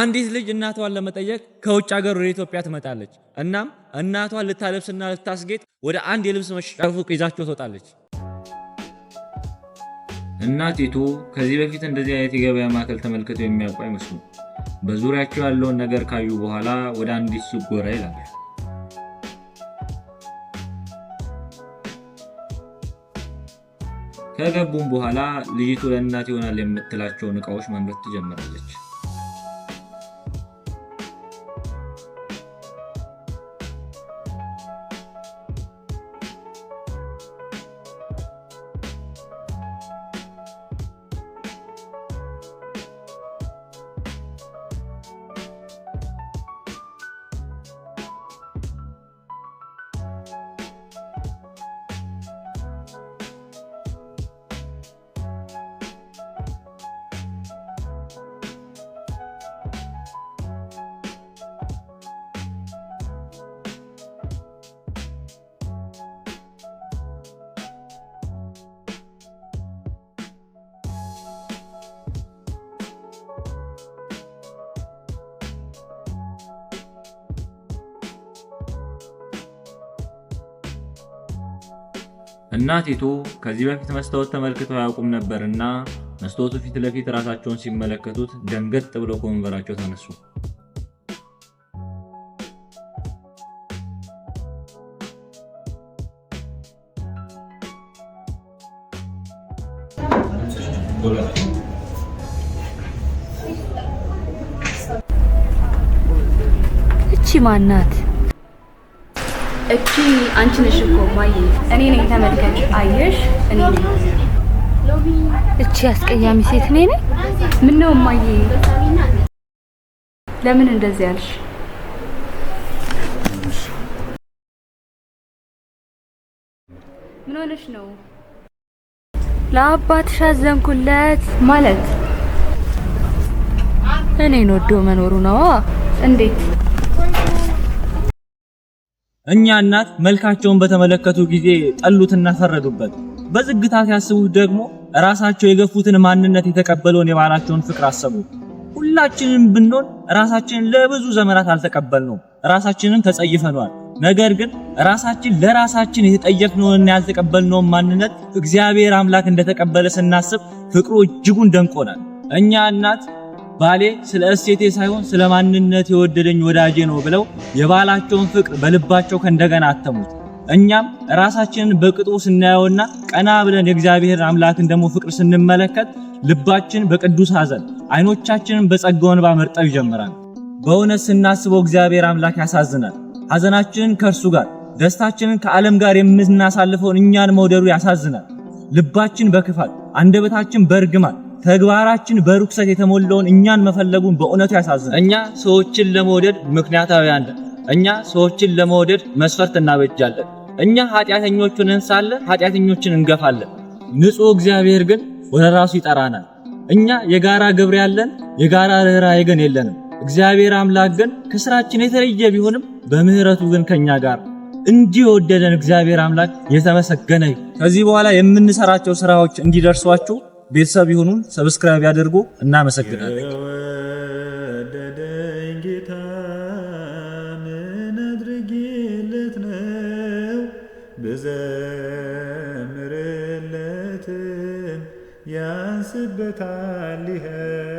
አንዲት ልጅ እናቷን ለመጠየቅ ከውጭ ሀገር ወደ ኢትዮጵያ ትመጣለች። እናም እናቷን ልታለብስና ልታስጌጥ ወደ አንድ የልብስ መሸጫ ሱቅ ይዛቸው ትወጣለች። እናቲቱ ከዚህ በፊት እንደዚህ አይነት የገበያ ማዕከል ተመልክተው የሚያውቁ አይመስሉ። በዙሪያቸው ያለውን ነገር ካዩ በኋላ ወደ አንዲት ሱቅ ጎራ ይላል። ከገቡም በኋላ ልጅቱ ለእናት ይሆናል የምትላቸውን እቃዎች ማምረት ትጀምራለች። እናቲቱ ከዚህ በፊት መስታወት ተመልክተው አያውቁም ነበርና መስታወቱ ፊት ለፊት ራሳቸውን ሲመለከቱት ደንገጥ ብለው ከወንበራቸው ተነሱ። እቺ ማናት? እቺ አንቺ ነሽ እኮ ማየ፣ እኔ ነኝ። ተመልከች፣ አየሽ? እኔ ነኝ። እቺ አስቀያሚ ሴት እኔ ነኝ። ምን ነው ማየ፣ ለምን እንደዚህ ያልሽ? ምን ሆነሽ ነው? ለአባትሽ አዘንኩለት ማለት እኔን ወዶ መኖሩ ነዋ። እንዴት እኛ እናት መልካቸውን በተመለከቱ ጊዜ ጠሉትና ፈረዱበት። በዝግታ ሲያስቡት ደግሞ ራሳቸው የገፉትን ማንነት የተቀበለውን የባህላቸውን ፍቅር አሰቡ። ሁላችንም ብንሆን ራሳችንን ለብዙ ዘመናት አልተቀበልነው፣ ራሳችንን ተጸይፈኗል። ነገር ግን ራሳችን ለራሳችን የተጠየቅነውንና ያልተቀበልነውን ማንነት እግዚአብሔር አምላክ እንደተቀበለ ስናስብ ፍቅሩ እጅጉን ደንቆናል። እኛ እናት ባሌ ስለ እሴቴ ሳይሆን ስለ ማንነት የወደደኝ ወዳጄ ነው ብለው የባህላቸውን ፍቅር በልባቸው ከእንደገና አተሙት። እኛም ራሳችንን በቅጡ ስናየውና ቀና ብለን የእግዚአብሔር አምላክን ደግሞ ፍቅር ስንመለከት ልባችን በቅዱስ ሐዘን፣ አይኖቻችንን በጸጋው እንባ መርጠብ ይጀምራል። በእውነት ስናስበው እግዚአብሔር አምላክ ያሳዝናል። ሐዘናችንን ከእርሱ ጋር ደስታችንን ከዓለም ጋር የምናሳልፈውን እኛን መውደዱ ያሳዝናል። ልባችን በክፋት አንደበታችን በርግማል ተግባራችን በርኩሰት የተሞላውን እኛን መፈለጉን በእውነቱ ያሳዝናል። እኛ ሰዎችን ለመውደድ ምክንያታዊ አንደን። እኛ ሰዎችን ለመውደድ መስፈርት እናበጃለን። እኛ ኃጢአተኞቹን እንሳለ ኃጢአተኞችን እንገፋለን። ንጹሕ እግዚአብሔር ግን ወደ ራሱ ይጠራናል። እኛ የጋራ ግብር ያለን፣ የጋራ ርኅራኄ ግን የለንም። እግዚአብሔር አምላክ ግን ከስራችን የተለየ ቢሆንም በምሕረቱ ግን ከኛ ጋር እንዲህ የወደደን እግዚአብሔር አምላክ የተመሰገነ። ከዚህ በኋላ የምንሰራቸው ስራዎች እንዲደርሷችሁ ቤተሰብ ይሁኑን። ሰብስክራይብ ያድርጉ። እናመሰግናለን። የወደደኝ ጌታ ምን አድርጌለት ነው ብዘምርለትም ያንስበታል ይኸ